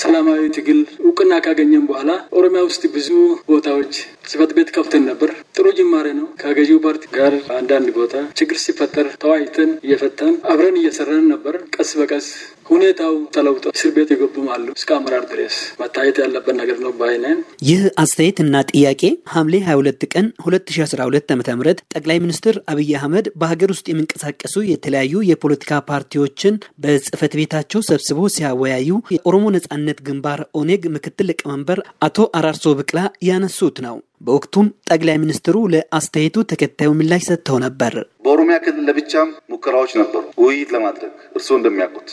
ሰላማዊ ትግል እውቅና ካገኘን በኋላ ኦሮሚያ ውስጥ ብዙ ቦታዎች ጽፈት ቤት ከፍተን ነበር። ጥሩ ጅማሬ ነው። ከገዢው ፓርቲ ጋር አንዳንድ ቦታ ችግር ሲፈጠር ተዋይተን እየፈታን አብረን እየሰራን ነበር። ቀስ በቀስ ሁኔታው ተለውጦ እስር ቤት የገቡም አሉ። እስከ አመራር ድረስ መታየት ያለበት ነገር ነው ባይነን። ይህ አስተያየትና ጥያቄ ሐምሌ 22 ቀን 2012 ዓ ም ጠቅላይ ሚኒስትር አብይ አህመድ በሀገር ውስጥ የሚንቀሳቀሱ የተለያዩ የፖለቲካ ፓርቲዎችን በጽህፈት ቤታቸው ሰብስቦ ሲያወያዩ የኦሮሞ ነጻነት ግንባር ኦኔግ ምክትል ሊቀመንበር አቶ አራርሶ ብቅላ ያነሱት ነው። በወቅቱም ጠቅላይ ሚኒስትሩ ለአስተያየቱ ተከታዩ ምላሽ ሰጥተው ነበር። በኦሮሚያ ክልል ለብቻም ሙከራዎች ነበሩ ውይይት ለማድረግ እርስዎ እንደሚያውቁት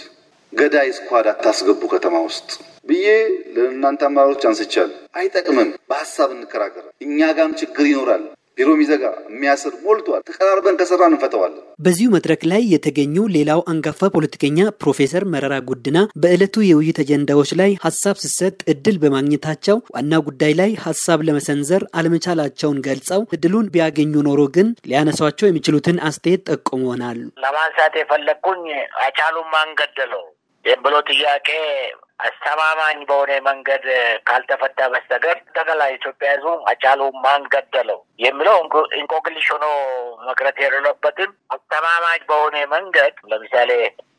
ገዳይ ስኳድ አታስገቡ ከተማ ውስጥ ብዬ ለእናንተ አመራሮች አንስቻል። አይጠቅምም። በሀሳብ እንከራከር። እኛ ጋም ችግር ይኖራል። ቢሮ የሚዘጋ የሚያስር ሞልቷል። ተቀራርበን ከሰራን እንፈተዋለን። በዚሁ መድረክ ላይ የተገኙ ሌላው አንጋፋ ፖለቲከኛ ፕሮፌሰር መረራ ጉድና በዕለቱ የውይይት አጀንዳዎች ላይ ሀሳብ ስሰጥ እድል በማግኘታቸው ዋና ጉዳይ ላይ ሀሳብ ለመሰንዘር አለመቻላቸውን ገልጸው እድሉን ቢያገኙ ኖሮ ግን ሊያነሷቸው የሚችሉትን አስተያየት ጠቁመናል። ለማንሳት የፈለግኩኝ አይቻሉም፣ አንገደለው ይህም ብሎ ጥያቄ አስተማማኝ በሆነ መንገድ ካልተፈታ በስተቀር አጠቃላይ ኢትዮጵያ ህዝቡ አጫሉ ማን ገደለው የሚለው እንቆቅልሽ ሆኖ መቅረት የሌለበትም አስተማማኝ በሆነ መንገድ ለምሳሌ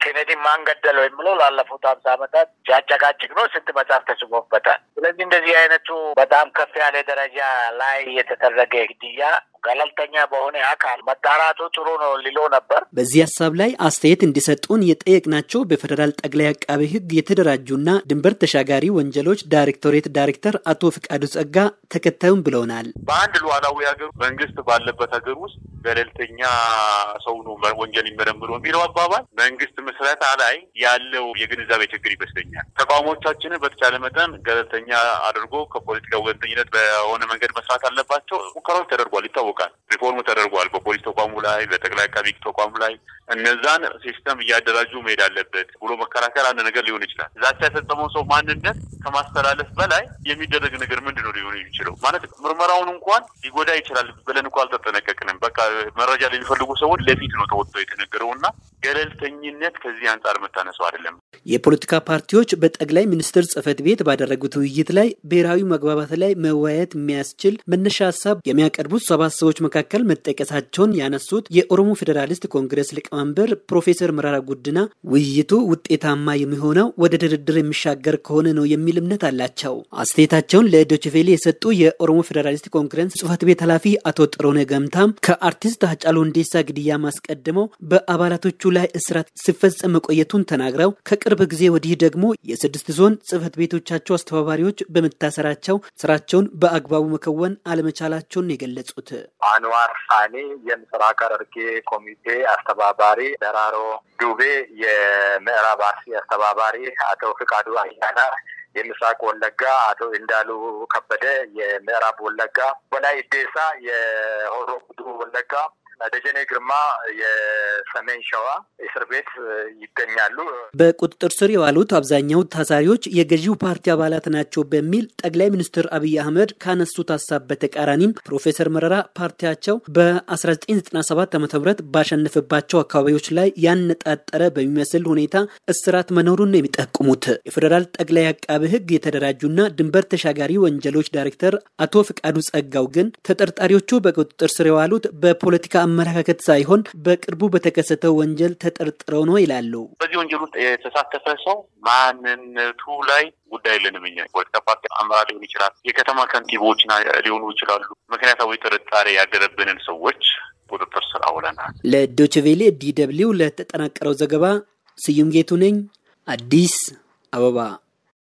ኬኔዲ ማን ገደለው የሚለው ላለፉት ሀምሳ ዓመታት ሲያጨቃጭቅ ነው። ስንት መጽሐፍ ተጽፎበታል። ስለዚህ እንደዚህ አይነቱ በጣም ከፍ ያለ ደረጃ ላይ የተደረገ ግድያ ገለልተኛ በሆነ አካል መዳራቱ ጥሩ ነው ሊሎ ነበር። በዚህ ሀሳብ ላይ አስተያየት እንዲሰጡን የጠየቅናቸው በፌዴራል ጠቅላይ አቃቤ ሕግ የተደራጁና ድንበር ተሻጋሪ ወንጀሎች ዳይሬክቶሬት ዳይሬክተር አቶ ፍቃዱ ጸጋ ተከታዩም ብለውናል። በአንድ ሉዓላዊ ሀገር መንግስት ባለበት ሀገር ውስጥ ገለልተኛ ሰው ነው ወንጀል የሚመረምረው የሚለው አባባል መንግስት ምስረታ ላይ ያለው የግንዛቤ ችግር ይመስለኛል። ተቋሞቻችንን በተቻለ መጠን ገለልተኛ አድርጎ ከፖለቲካ ወገንተኝነት በሆነ መንገድ መስራት አለባቸው። ሙከራዎች ተደርጓል ይታወቃል። ይታወቃል። ሪፎርም ተደርጓል። በፖሊስ ተቋሙ ላይ፣ በጠቅላይ አቃቢ ተቋሙ ላይ እነዛን ሲስተም እያደራጁ መሄድ አለበት ብሎ መከራከል አንድ ነገር ሊሆን ይችላል። ዛቻ የፈጸመው ሰው ማንነት ከማስተላለፍ በላይ የሚደረግ ነገር ምንድን ነው ሊሆን የሚችለው? ማለት ምርመራውን እንኳን ሊጎዳ ይችላል ብለን እንኳ አልተጠነቀቅንም። መረጃ ለሚፈልጉ ሰዎች ለፊት ነው ተወጥቶ የተነገረው እና ገለልተኝነት ከዚህ አንጻር የምታነሰው አይደለም። የፖለቲካ ፓርቲዎች በጠቅላይ ሚኒስትር ጽህፈት ቤት ባደረጉት ውይይት ላይ ብሔራዊ መግባባት ላይ መወያየት የሚያስችል መነሻ ሀሳብ የሚያቀርቡት ሰባት ሰዎች መካከል መጠቀሳቸውን ያነሱት የኦሮሞ ፌዴራሊስት ኮንግረስ ሊቀመንበር ፕሮፌሰር መራራ ጉድና ውይይቱ ውጤታማ የሚሆነው ወደ ድርድር የሚሻገር ከሆነ ነው የሚል እምነት አላቸው። አስተያየታቸውን ለዶችቬሌ የሰጡ የኦሮሞ ፌዴራሊስት ኮንግረስ ጽህፈት ቤት ኃላፊ አቶ ጥሮነ ገምታም ከአ አርቲስት ሃጫሉ ሁንዴሳ ግድያ አስቀድመው በአባላቶቹ ላይ እስራት ሲፈጸም መቆየቱን ተናግረው ከቅርብ ጊዜ ወዲህ ደግሞ የስድስት ዞን ጽህፈት ቤቶቻቸው አስተባባሪዎች በመታሰራቸው ስራቸውን በአግባቡ መከወን አለመቻላቸውን የገለጹት አንዋር ሳኒ የምስራቅ ሐረርጌ ኮሚቴ አስተባባሪ፣ ደራሮ ዱቤ የምዕራብ አርሲ አስተባባሪ፣ አቶ ፍቃዱ አያና የምስራቅ ወለጋ አቶ እንዳሉ ከበደ፣ የምዕራብ ወለጋ ወላይ ዴሳ፣ የሆሮ ጉዱሩ ወለጋ ደጀኔ ግርማ የሰሜን ሸዋ እስር ቤት ይገኛሉ። በቁጥጥር ስር የዋሉት አብዛኛው ታሳሪዎች የገዢው ፓርቲ አባላት ናቸው በሚል ጠቅላይ ሚኒስትር አብይ አህመድ ካነሱት ሀሳብ በተቃራኒም ፕሮፌሰር መረራ ፓርቲያቸው በ1997 ዓ ም ባሸነፈባቸው አካባቢዎች ላይ ያነጣጠረ በሚመስል ሁኔታ እስራት መኖሩን ነው የሚጠቁሙት። የፌዴራል ጠቅላይ አቃቢ ህግ የተደራጁና ድንበር ተሻጋሪ ወንጀሎች ዳይሬክተር አቶ ፍቃዱ ጸጋው ግን ተጠርጣሪዎቹ በቁጥጥር ስር የዋሉት በፖለቲካ አመለካከት ሳይሆን በቅርቡ በተከሰተው ወንጀል ተጠርጥረው ነው ይላሉ። በዚህ ወንጀል ውስጥ የተሳተፈ ሰው ማንነቱ ላይ ጉዳይ የለንም። እኛ ፖለቲካ ፓርቲ አመራር ሊሆን ይችላል፣ የከተማ ከንቲቦች ሊሆኑ ይችላሉ። ምክንያታዊ ጥርጣሬ ያደረብንን ሰዎች ቁጥጥር ስር አውለናል። ለዶችቬሌ ዲደብሊው ለተጠናቀረው ዘገባ ስዩም ጌቱ ነኝ፣ አዲስ አበባ